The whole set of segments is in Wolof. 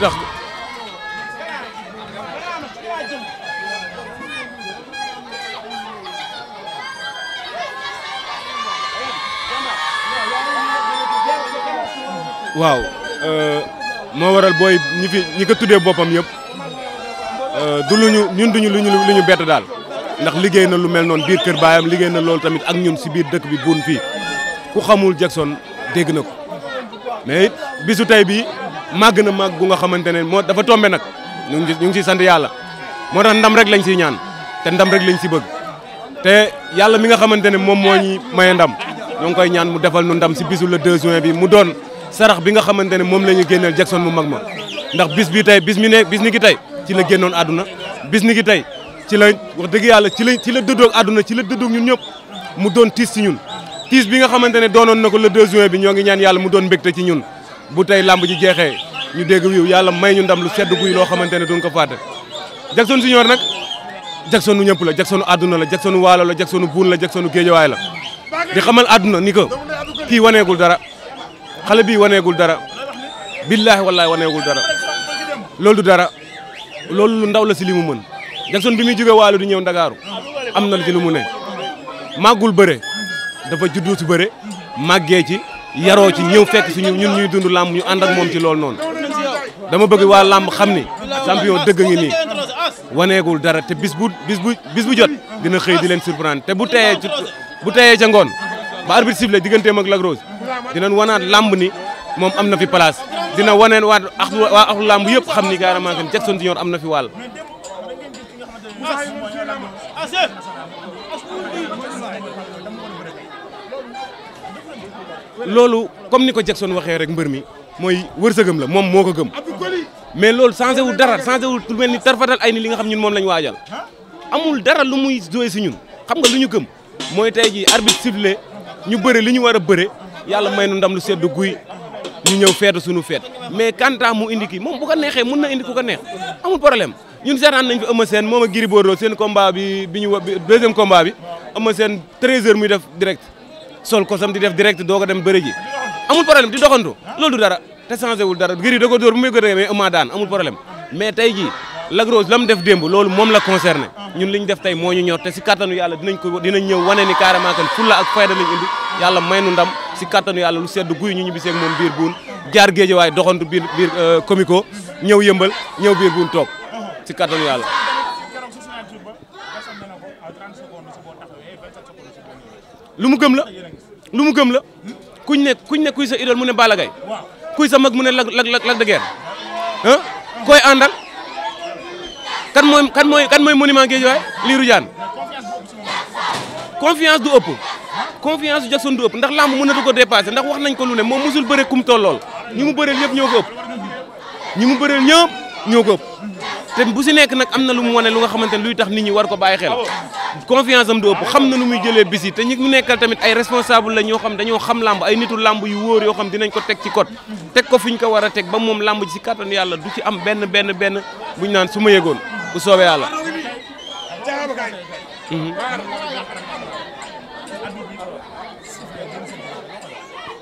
tax waaw euh, moo waral booy ñi fi ñi tuddee boppam yëpp euh, du lu ñu ñun duñu lu ñu lu ñu bett daal ndax liggéey na lu mel noonu biir kër baayam liggéey na loolu tamit ak ñun si biir dëkk bi buun fii ku xamul Jackson dégg na ko mais it bisu tey màgg na màgg gu nga xamante ne moo dafa tombe nag ñu ngi ñu ngi siy sant yàlla moo tax ndam rek lañ siy ñaan te ndam rek lañ si bëgg te yàlla mi nga xamante ne moom moo ñuy maye ndam ñoo ngi ñaan mu defal nu ndam si bisu le 2 juin bi mu doon sarax bi nga xamante moom la ñu génneel Jackson mu mag ma ndax bis bi tey bis mi ne bis ni ki tey ci la génnoon àdduna bis ni ki tey ci la wax dëgg yàlla ci la ci la dëddoog ci la dëddoog ñun ñëpp mu doon tiis si ñun tiis bi nga xamante ne doonoon na ko le 2 yàlla mu doon mbégte ci ñun bu tey làmb ji jeexee ñu dégg wiiw yàlla may ñu ndam lu sedd guy loo xamante ne duñ ko fàtte Jackson Junior nag Jacksonu ñëpp la Jacksonu àdduna la Jacksonu waalo la Jacksonu buun la Jacksonu géejawaay la di xamal àdduna ni kii waneegul dara xale bii waneegul dara billaahi wallaahi waneegul dara loolu du dara loolu lu ndaw la si li mu mën bi muy jóge waalo di ñëw ndagaaru am na ci lu mu ne màggul bëre dafa juddu si bëre màggee ci yaroo ci ñëw fekk si ñun ñun ñuy dund làmb ñu ànd ak moom ci loolu noon dama bëgg waa làmb xam ni champion dëgg ngi nii waneegul dara te bis bu bis bu bis bu jot dina xëy di leen surprendre te bu teyee bu teyee ca ngoon ba arbitre sifflé digganteem ak Lac Rose dinañ wanaat làmb ni moom am na fi place dina waneen waat ak waa ak làmb yëpp xam ni carrément Jackson Junior am na fi wàll loolu comme ni ko Jackson waxee rek mbër mi mooy wërsëgam la moom moo ko gëm mais loolu changé wul dara changé wul lu mel ni tarfatal ay ni li nga xam ñun moom lañ waajal amul dara lu muy doy si ñun xam nga lu ñu gëm mooy tey jii arbitre sifflé ñu bëre li ñu war a bëre yàlla may nu ndam lu sedd guy ñu ñëw feetu suñu feet mais kanta mu indi kii moom bu ko neexee mën na indi ku ko neex amul problème ñun seetaan nañ fi Eumeu Sène moom ak Gris doo seen combat bi bi ñu deuxième combat bi Eumeu Sène 13 heures muy def direct sol kosam di def direct doog a dem bëri ji amul problème di doxantu loolu du dara te changé wul dara gëri da ko dóor bu muy ko dee mais ëmmaa daan amul problème mais tey jii Lac Rose def démb loolu moom la concerné ñun li ñu def tey moo ñu ñor te si kattanu yàlla dinañ ko dinañ ñëw wane ni carrément kan fulla ak fayda lañ indi yàlla may nu ndam si kattanu yàlla lu sedd guy ñu ñibbiseeg moom biir buun jaar géejawaay doxantu biir biir euh, comico ñëw yëmbal ñëw biir buun toog si kattanu yàlla lu mu gëm la lu mu gëm la kuñ ne kuñ ne kuy sa idole mu ne Balla kuy sa mu ne Lac Lac Lac de Guiers ah koy kan mooy kan mooy kan mooy monument Guédiawaye Lirou Diane confiance du ëpp confiance du Jackson du ëpp ndax lamb mënatu ko dépassé ndax wax nañ ko lu ne moom musul bëre kum tollool ñi mu bëreel yëpp ñoo ko ëpp ñi mu bëreel ñëpp ñoo ko ëpp te bu si nekk nag am na lu mu wane lu nga xamante ne luy tax nit ñi war ko bàyyi xel confiance am du ëpp xam na nu muy jëlee bisi yi te ñi mu nekkal tamit ay responsable la ñoo xam dañoo xam làmb ay nitu làmb yu wóor yoo xam dinañ ko teg ci code teg ko fi ñu ko war a teg ba moom làmb ji si kàttan yàlla du ci am benn benn benn buñ naan su ma yëgoon bu soobee yàlla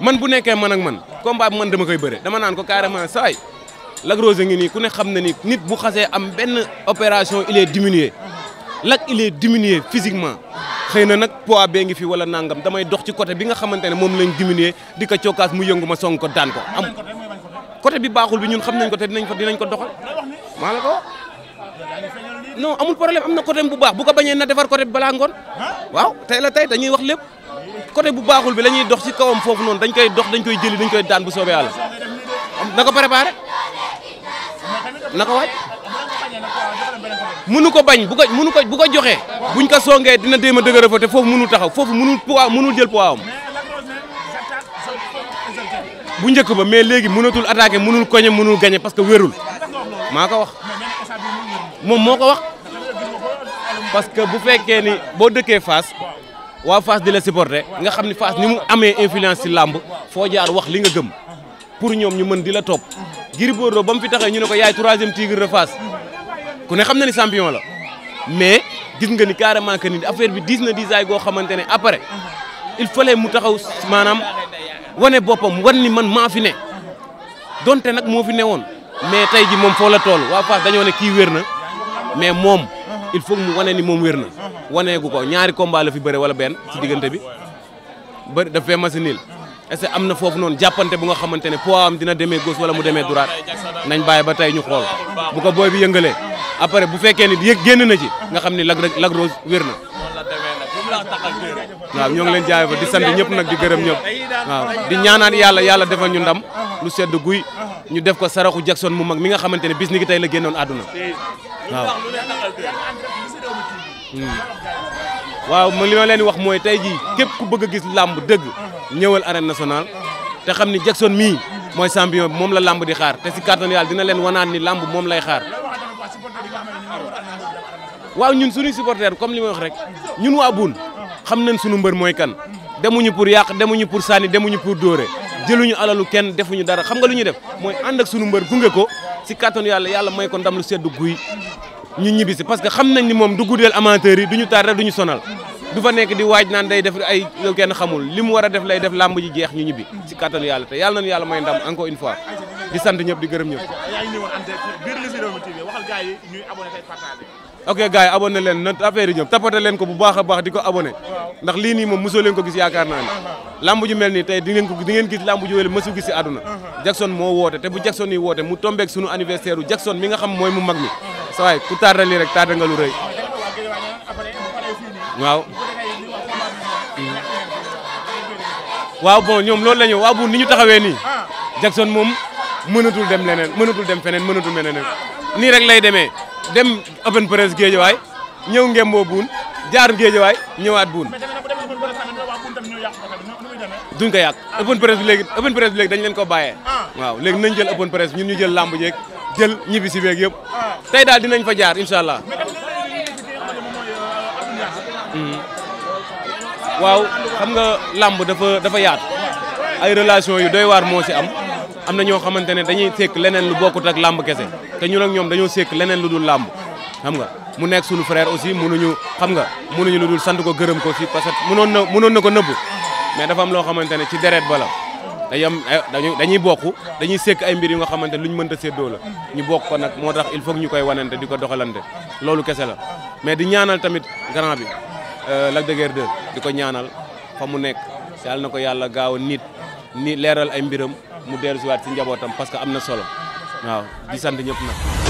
man bu nekkee man ak man combat bi man dama koy bëre dama naan ko carrément saay Lac Rose ngi nii ku ne xam na ni nit bu xasee am benn opération il est diminué Lac il est diminué xëy na nag poids bee ngi fi wala nangam damay dox ci côté bi nga xamante ne moom lañ diminué di ko cokkaas mu yëngu ma song ko daan ko am côté bi baaxul bi ñun xam nañ ko te dinañ ko dinañ ko doxa maa la ko non amul problème am na côté bu baax bu ko bañee na defar côté bi balaa ngoon waaw tey la tey dañuy wax lépp côté bu baaxul bi la ñuy dox ci kawam foofu noonu dañ koy dox dañ koy jëli dañ koy daan bu soobee yàlla na ko waaj mënu ko bañ bu ko mënu ko bu ko joxee buñ ko songee dina déem a dëgëra fa foofu mënul taxaw foofu mënul poids mënul jël poids am bu njëkk ba mais léegi munatul attaqué mënul koñe mënul gañe parce que wérul maa ko wax moom moo ko wax parce que bu fekkee ni boo dëkkee Fass waa Fass di la supporter nga xam ni Fass ni mu amee influence ci làmb foo jaar wax li nga gëm pour ñoom ñu mën di la Gris Bordeaux ba mu fi taxee ñu ne ko yaay troisième tigre de Fass ku ne xam na ni champion la mais gis nga ni carrément que ni affaire bi diis na diisaay goo xamante ne après il fallait mu taxaw maanaam wane boppam wan ni man maa fi ne donte nag moo fi ne woon mais tey ji moom foo la tool waa Fass dañoo ne kii wér na mais moom il faut mu wane ni moom wér na waneegu ko ñaari combat la fi bëre wala benn ci diggante bi bëri daf fee machine est que am na foofu noonu jàppante bu nga xamante ne poids am dina demee gauche wala mu demee droite nañ bàyyi ba tey ñu xool bu ko booy bi yëngalee après bu fekkee ni yëg génn ci nga xam ni Lac Lac Rose wér na. waaw ñoo ngi leen jaay di sant ñëpp nag di gërëm ñëpp waaw di ñaanaat yàlla yàlla defal ñu ndam lu sedd guy ñu def ko saraxu Jackson mu mag mi nga xamante ne bis ni ki tey la génnoon aduna waaw. Hmm. waaw man li ma leen wax mooy tey jii képp ku bëgg a gis làmb dëgg ñëwal arène nationale te xam ni Jackson mii mooy champion moom la lamb di xaar te si kàttan yàlla dina leen wanaan ni làmb moom lay xaar waaw ñun suñuy supporter comme li ma wax rek ñun waa Boune xam nañ suñu mbër mooy kan demuñu pour yàq demuñu pour sànni demuñu pour dóore jëluñu alalu kenn defuñu dara xam nga lu ñuy def mooy ànd ak suñu mbër gunge ko si kàttan yàlla yàlla may kon ndam lu seddu guy ñu ñibbi si parce que xam nañ ni moom du guddeel amateurs yi du ñu tardé du ñu sonal du fa nekk di waaj naan day def ay lu kenn xamul li mu war a def lay def làmb ji jeex ñu ñibbi ci kàttanu yàlla te yàlla nañu yàlla may ndam encore une fois di sant ñëpp gërëm ñëpp. ok yi abonné leen na leen ko bu baax a baax di ko abonné ndax lii nii moom mosoo leen ko gis yaakaar naa ne mel nii tey di ngeen ko di ngeen gis lamb ju wele mësu gis si àdduna Jackson moo woote te bu Jackson woote mu tombeek nga xam mooy mu mag mi sa waay ku tardé rek tardé nga lu rëy. waaw. waaw bon ñoom loolu la ñu waaw bu ni ñu taxawee nii. Jackson moom mënatul dem leneen mënatul dem feneen mënatul leneen nii rek lay demee dem open press géejawaay ñëw ngemboo buun jaar géejawaay ñëwaat buun. duñ ko yàq open press bi léegi open press bi dañ leen ko bàyyee. Ah. waaw léegi nañ jël open press ñun ñu jël làmb jeeg. jël ñibbi si yëpp ah. tey daal dinañ fa jaar incha allah. Hmm. waaw xam nga làmb dafa dafa yaatu ay relation yu doy waar moo si am am na ñoo xamante ne dañuy sekk leneen lu bokkut ak làmb kese te ñun ak ñoom dañoo sekk leneen lu dul làmb xam nga mu nekk suñu frère aussi ñu xam nga mënuñu lu dul sant ko gërëm ko si parce que mënoon na mënoon na ko nëbb mais dafa am loo xamante ne ci deret ba la dañu dañuy bokk dañuy sekk ay mbir yu nga xamante luñ mënta séddoo la ñu bokk ko nag moo tax il faut ñu koy wanante di ko doxalante loolu kese la mais di ñaanal tamit grand bi euh, Lac de Guiers 2 di ko ñaanal fa mu nekk yàlla na ko yàlla gaaw a nit leeral ay mu dellu siwaat si njabootam parce que am na solo waaw di sant ñëpp nag